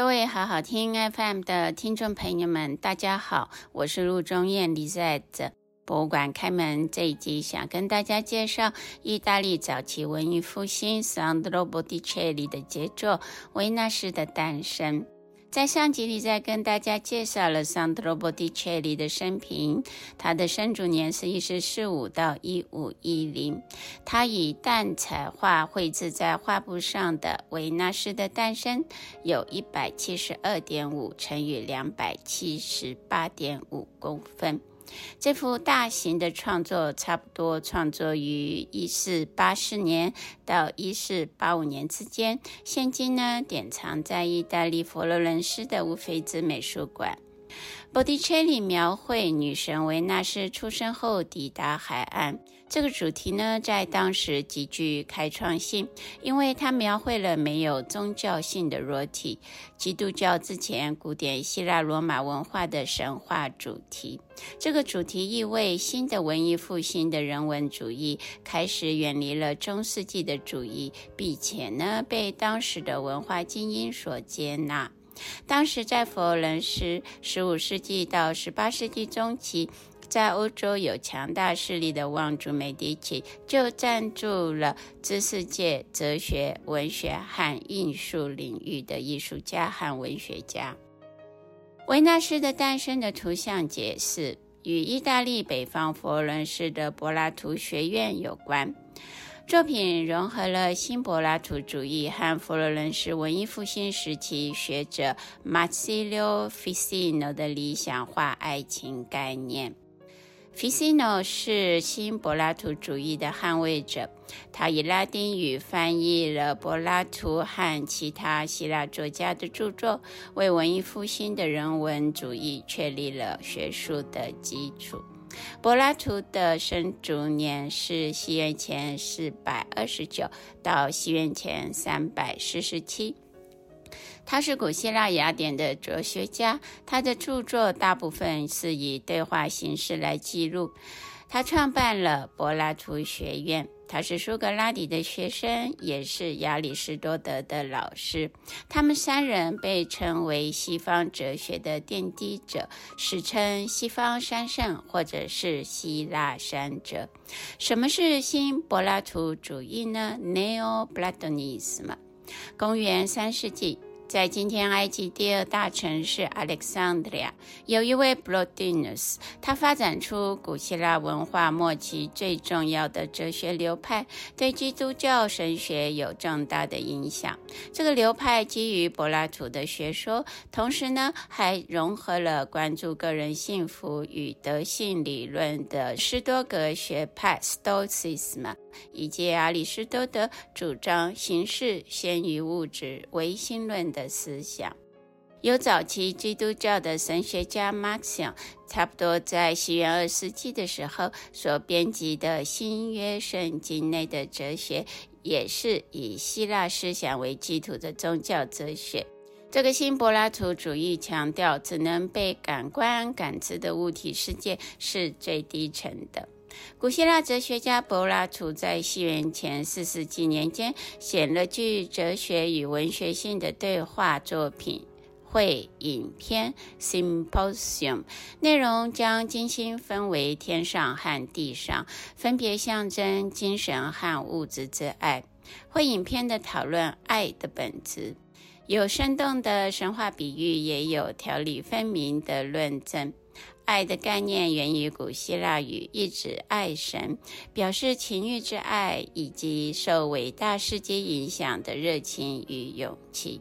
各位好好聽 FM 的聽眾朋友們，大家好，我是陸中豔 Lizette。Liz ette, 博物館開門這一集，想跟大家介紹意大利早期文藝復興 Sandro o b 桑德羅· e 提切利的傑作《維納斯的誕生》。在上集裡，再跟大家介紹了 Sandro Botticelli 的生平，他的生卒年是一四四五到一五一零。他以蛋彩畫繪製在畫布上的《維納斯的誕生》有一百七十二點五乘以兩百七十八點五公分。這幅大型的創作，差不多創作於一四八四年到一四八五年之間。現今呢，典藏在意大利佛羅倫斯的烏菲茲美術館。Botticelli 描繪女神維納斯出生後抵達海岸。這個主題呢，在當時極具開創性，因為它描繪了沒有宗教性的裸體，基督教之前古典希臘羅馬文化的神話主題。這個主題意味新的文藝復興的人文主義開始遠離了中世紀的主義，並且呢，被當時的文化精英所接納。當時在佛羅倫斯，十五世紀到十八世紀中期。在歐洲有強大勢力的望族美第奇就贊助了知識界、哲學、文學和藝術領域的藝術家和文學家。維納斯的誕生的圖像解釋與意大利北方佛羅倫斯的柏拉圖學院有關，作品融合了新柏拉圖主義和佛羅倫斯文藝復興時期學者馬西利奧·費辛諾的理想化愛情概念。Ficino 是新柏拉圖主義的捍衛者，他以拉丁語翻譯了柏拉圖和其他希臘作家的著作，為文藝復興的人文主義確立了學術的基礎。柏拉圖的生卒年是西元前四百二十九到西元前三百四十七。他是古希臘雅典的哲學家，他的著作大部分是以對話形式來記錄。他創辦了柏拉圖學院。他是蘇格拉底的學生，也是亞里士多德的老師。他們三人被稱為西方哲學的奠基者，史稱“西方三聖”或者是“希臘三哲”。什麼是新柏拉圖主義呢？Neo-Platonism。Neo 公元三世紀，在今天埃及第二大城市 Alexandria，有一位 Plotinus，他發展出古希臘文化末期最重要的哲學流派，對基督教神學有重大的影響。這個流派基於柏拉圖的學說，同時呢還融合了關注個人幸福與德性理論的斯多葛學派 （Stoicism） 以及亞里士多德主張形式先於物質唯心論的。的思想，有早期基督教的神學家 Marcion，差不多在西元二世紀的時候所編輯的新約聖經內的哲學，也是以希臘思想為基礎的宗教哲學。這個新柏拉圖主義強調，只能被感官感知的物體世界是最低層的。古希臘哲學家柏拉圖在西元前四世紀年間，寫了具哲學與文學性的對話作品《會飲篇 Symposium》，內容將金星分為天上和地上，分別象徵精神和物質之愛。會飲篇的討論愛的本質，有生動的神話比喻，也有條理分明的論證。愛的概念源於古希臘語，意指愛神，表示情慾之愛以及受偉大事跡影響的熱情與勇氣。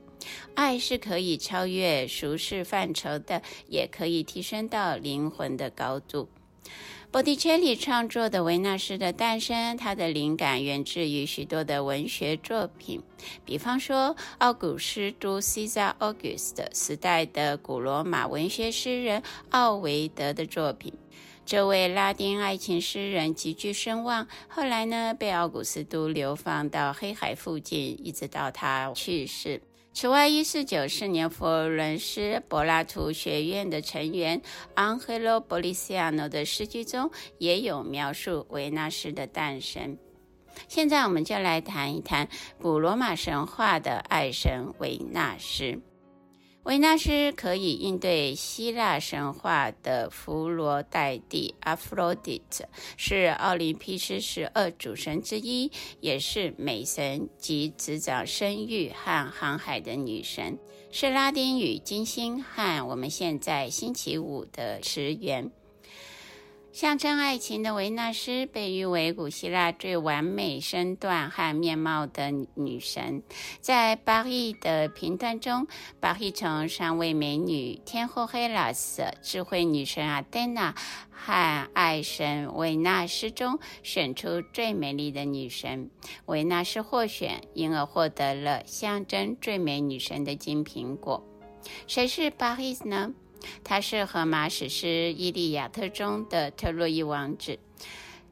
愛是可以超越俗世範疇的，也可以提升到靈魂的高度。波提切利創作的《維納斯的誕生》，它的靈感源自於許多的文學作品，比方說奧古斯都 Caesar Augustus 時代的古羅馬文學詩人奧維德的作品。這位拉丁愛情詩人極具聲望，後來呢被奧古斯都流放到黑海附近，一直到他去世。此外，一四九四年，佛羅倫斯柏拉圖學院的成員安赫洛·波利西 n o 的詩句中也有描述維納斯的誕生。現在，我們就來談一談古羅馬神話的愛神維納斯。維納斯可以應對希臘神話的芙蘿黛蒂 （Aphrodite） 是奧林匹斯十二主神之一，也是美神及執掌生育和航海的女神，是拉丁語金星和我們現在星期五的詞源。象徵愛情的維納斯被譽為古希臘最完美身段和面貌的女神。在巴黎的評判中，巴黎從三位美女，天後赫拉斯、智慧女神阿黛娜和愛神維納斯中選出最美麗的女神，維納斯獲選，因而獲得了象徵最美女神的金蘋果。誰是巴黎斯呢？他是荷馬史詩《伊利亞特》中的特洛伊王子。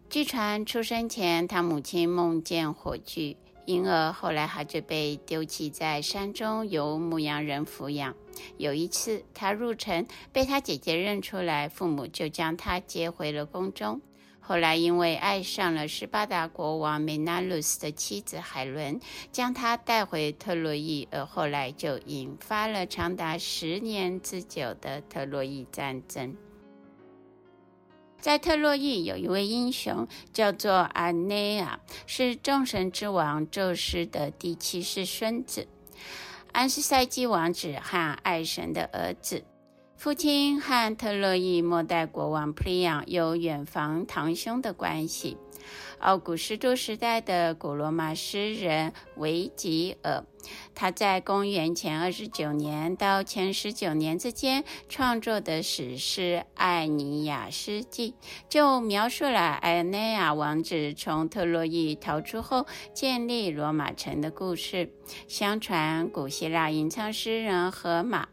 據傳出生前，他母親夢見火炬，因而後來還就被丟棄在山中，由牧羊人撫養。有一次，他入城被他姐姐認出來，父母就將他接回了宮中。後來，因為愛上了斯巴達國王梅拿魯斯的妻子海倫，將他帶回特洛伊，而後來就引發了長達十年之久的特洛伊戰爭。在特洛伊有一位英雄叫做阿涅亞，是眾神之王宙斯的第七世孫子，安斯塞基王子和愛神的兒子。父親和特洛伊末代國王普里昂有遠房堂兄的關係。奧古斯都時代的古羅馬詩人維吉爾，他在公元前二十九年到前十九年之間創作的史詩《艾尼亞斯紀》就描述了艾內亞王子從特洛伊逃出後建立羅馬城的故事。相傳，古希臘吟唱詩人荷馬，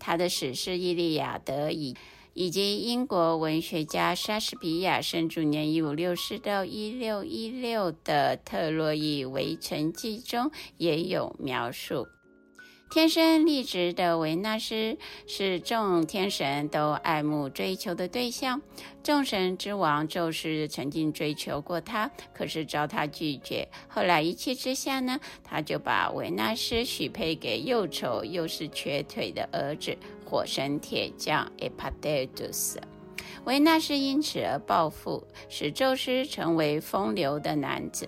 他的史詩《伊利亞德》以以及英國文學家莎士比亞生卒年一五六四到一六一六的《特洛伊圍城記》中也有描述。天生麗質的維納斯是眾天神都愛慕追求的對象，眾神之王宙斯曾經追求過她，可是遭她拒絕。後來一氣之下呢，他就把維納斯許配給又醜又是瘸腿的兒子火神鐵匠埃帕德杜斯。維納斯因此而暴富，使宙斯成為風流的男子。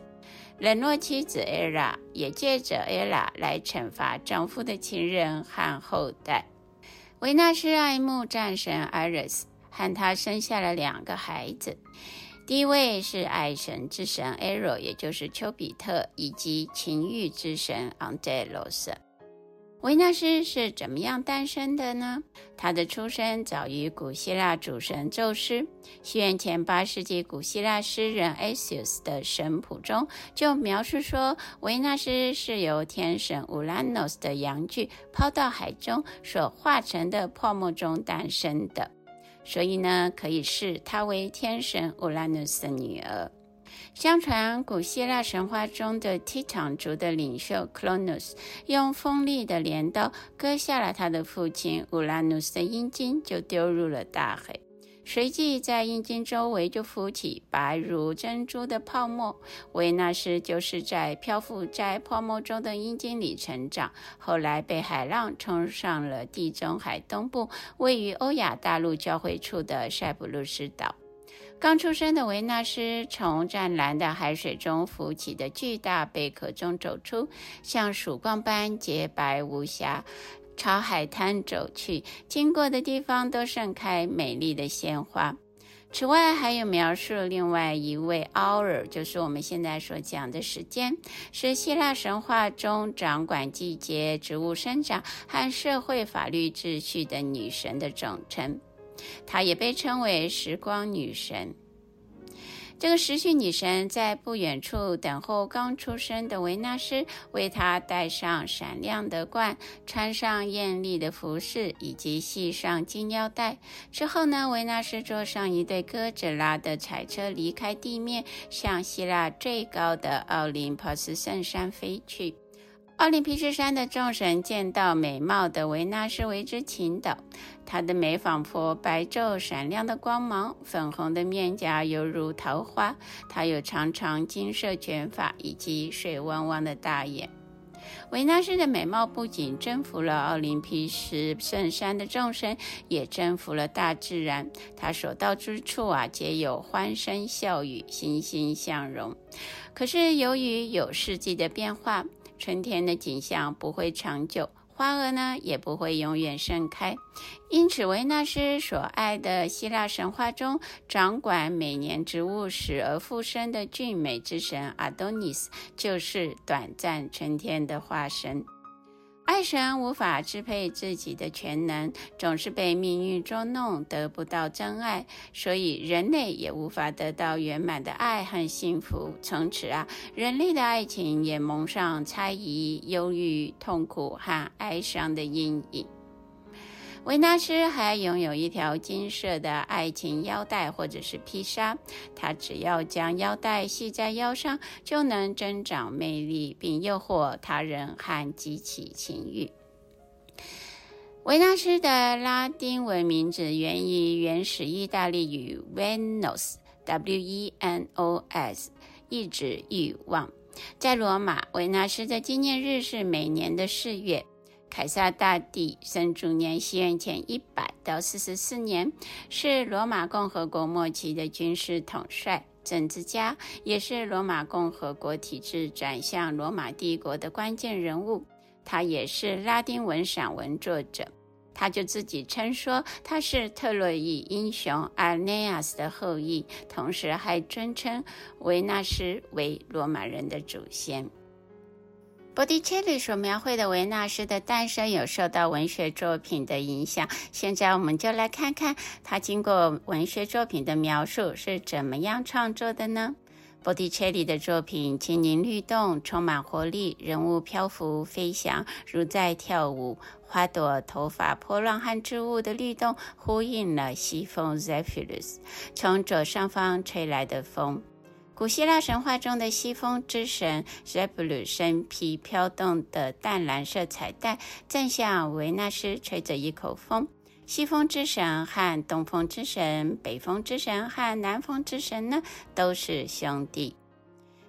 冷落妻子埃拉，也借着埃拉來懲罰丈夫的情人和後代。維納斯愛慕戰神阿瑞斯，和他生下了兩個孩子，第一位是愛神之神埃羅，也就是丘比特，以及情欲之神昂塞羅斯。維納斯是怎麼樣誕生的呢？他的出生早於古希臘主神宙斯。公元前八世紀，古希臘詩人阿西烏斯的神譜中就描述說，維納斯是由天神烏拉諾斯的陽具拋到海中所化成的泡沫中誕生的。所以呢，可以視她為天神烏拉諾斯的女兒。相傳，古希臘神話中的提坦族的領袖克隆諾斯用鋒利的鐮刀割下了他的父親烏拉諾斯的陰莖，就丟入了大海。隨即，在陰莖周圍就浮起白如珍珠的泡沫。維納斯就是在漂浮在泡沫中的陰莖裡成長，後來被海浪沖上了地中海東部、位於歐亞大陸交匯處的塞浦路斯島。剛出生的維納斯從湛藍的海水中浮起的巨大貝殼中走出，像曙光般潔白無瑕，朝海灘走去，經過的地方都盛開美麗的鮮花。此外，還有描述另外一位奧爾，就是我們現在所講的時間，是希臘神話中掌管季節、植物生長和社會法律秩序的女神的總稱。她也被稱為時光女神。這個時序女神在不遠處等候剛出生的維納斯，為她戴上閃亮的冠，穿上艷麗的服飾，以及繫上金腰帶。之後呢，維納斯坐上一對鴿子拉的彩車，離開地面，向希臘最高的奧林匹斯聖山飛去。奧林匹斯山的眾神見到美貌的維納斯，為之傾倒。她的美彷彿白晝閃亮的光芒，粉紅的面頰猶如桃花。她有長長金色捲髮，以及水汪汪的大眼。維納斯的美貌不僅征服了奧林匹斯聖山的眾神，也征服了大自然。她所到之處啊，皆有歡聲笑語，欣欣向榮。可是，由於有四季的變化。春天的景象不會長久，花兒呢也不會永遠盛開。因此，維納斯所愛的希臘神話中掌管每年植物死而復生的俊美之神阿多尼斯，就是短暫春天的化身。愛神無法支配自己的全能，總是被命運捉弄，得不到真愛，所以人類也無法得到圓滿的愛和幸福。從此啊，人類的愛情也蒙上猜疑、憂鬱、痛苦和哀傷的陰影。維納斯還擁有一條金色的愛情腰帶或者是披紗，她只要將腰帶繫在腰上，就能增長魅力並誘惑他人和激起情欲。維納斯的拉丁文名字源於原始意大利語 Venos，W-E-N-O-S，意指欲望。在羅馬，維納斯的紀念日是每年的四月。凱撒大帝生卒年西元前一百到四十四年，是羅馬共和國末期的軍事統帥、政治家，也是羅馬共和國體制轉向羅馬帝國的關鍵人物。他也是拉丁文散文作者。他就自己稱說他是特洛伊英雄阿涅亞斯的後裔，同時還尊稱維納斯為羅馬人的祖先。波提切利所描繪的維納斯的誕生有受到文學作品的影響，現在我們就來看看他經過文學作品的描述是怎麼樣創作的呢？波提切利的作品輕盈律動，充滿活力，人物漂浮飛翔，如在跳舞。花朵、頭髮、波浪和織物的律動呼應了西風 Zephyrus，從左上方吹來的風。古希臘神話中的西風之神 Zebru 身披飄動的淡藍色彩帶，正向維納斯吹着一口風。西風之神和東風之神、北風之神和南風之神呢，都是兄弟。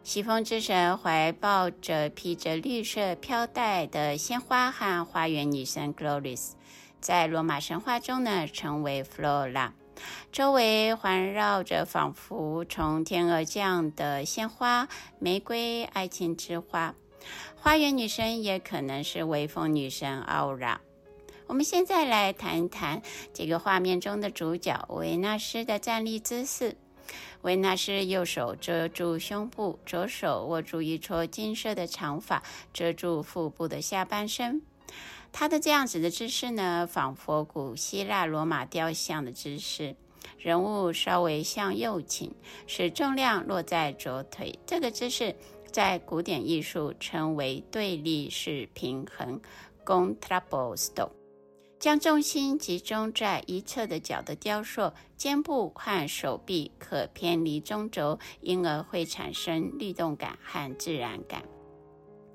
西風之神懷抱着披着綠色飄帶的鮮花和花園女神 Glories，在羅馬神話中呢，成為 Flora。周圍環繞着仿佛從天而降的鮮花，玫瑰，愛情之花。花園女神也可能是微風女神奧拉。我們現在來談一談這個畫面中的主角維納斯的站立姿勢。維納斯右手遮住胸部，左手握住一撮金色的長髮，遮住腹部的下半身。他的這樣子的姿勢呢，仿佛古希臘羅馬雕像的姿勢，人物稍微向右傾，使重量落在左腿。這個姿勢在古典藝術稱為對立式平衡，Contrapposto，將重心集中在一側的腳的雕塑，肩部和手臂可偏離中軸，因而會產生律動感和自然感。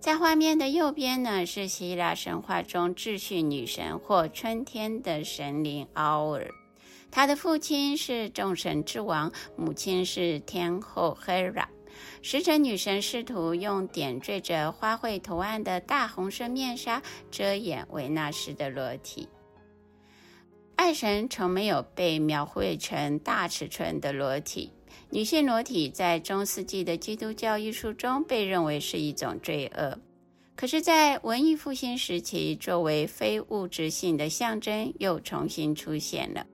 在畫面的右邊呢，是希臘神話中秩序女神或春天的神靈奧爾，她的父親是眾神之王，母親是天後 Hera。時辰女神試圖用點綴着花卉圖案的大紅色面紗遮掩維納斯的裸體。愛神從沒有被描繪成大尺寸的裸體。女性裸體在中世紀的基督教藝術中被認為是一種罪惡，可是，在文藝復興時期，作為非物質性的象徵，又重新出現了。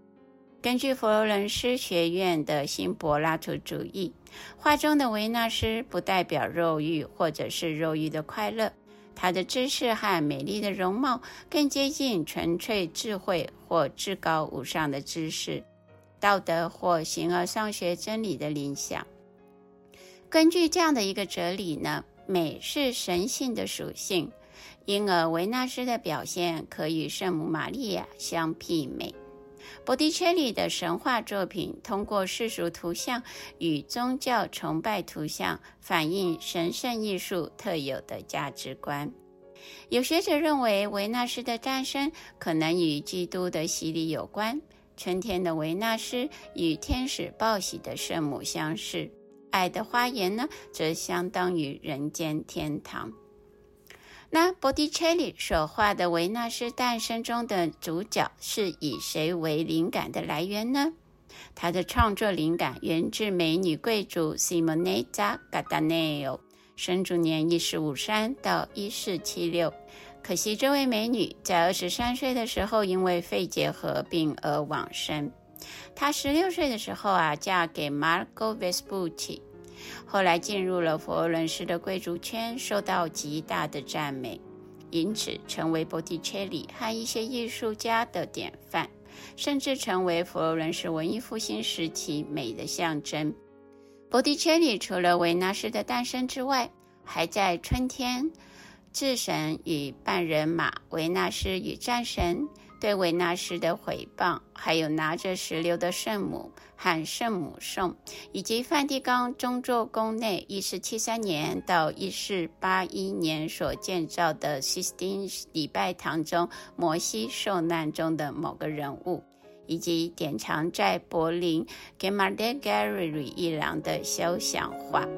根據佛羅倫斯學院的新柏拉圖主義，畫中的維納斯不代表肉欲或者是肉欲的快樂，她的知識和美麗的容貌更接近純粹智慧或至高無上的知識。道德或形而上學真理的理想。根據這樣的一個哲理呢，美是神性的屬性，因而維納斯的表現可與聖母瑪利亞相媲美。波提切利的神話作品通過世俗圖像與宗教崇拜圖像，反映神聖藝術特有的價值觀。有學者認為，維納斯的誕生可能與基督的洗禮有關。春天的維納斯與天使報喜的聖母相似，愛的花園呢，則相當於人間天堂。那波提切利所畫的《維納斯誕生》中的主角是以誰為靈感的來源呢？他的創作靈感源自美女貴族西蒙內塔·卡塔內奧，生卒年一四五三到一四七六。可惜，這位美女在二十三歲的時候，因為肺結核病而往生。她十六歲的時候啊，嫁給 Marco Vespucci，後來進入了佛羅倫斯的貴族圈，受到極大的讚美，因此成為波提切利和一些藝術家的典範，甚至成為佛羅倫斯文藝復興時期美的象徵。波提切利除了《維納斯的誕生》之外，還在《春天》。智神與半人馬，維納斯與戰神，對維納斯的毀謗，還有拿着石榴的聖母，和聖母頌，以及梵蒂岡宗座宮內1473年到1481年所建造的西斯廷禮拜堂中摩西受難中的某個人物，以及典藏在柏林 Gemäldegalerie 一廊的肖像畫。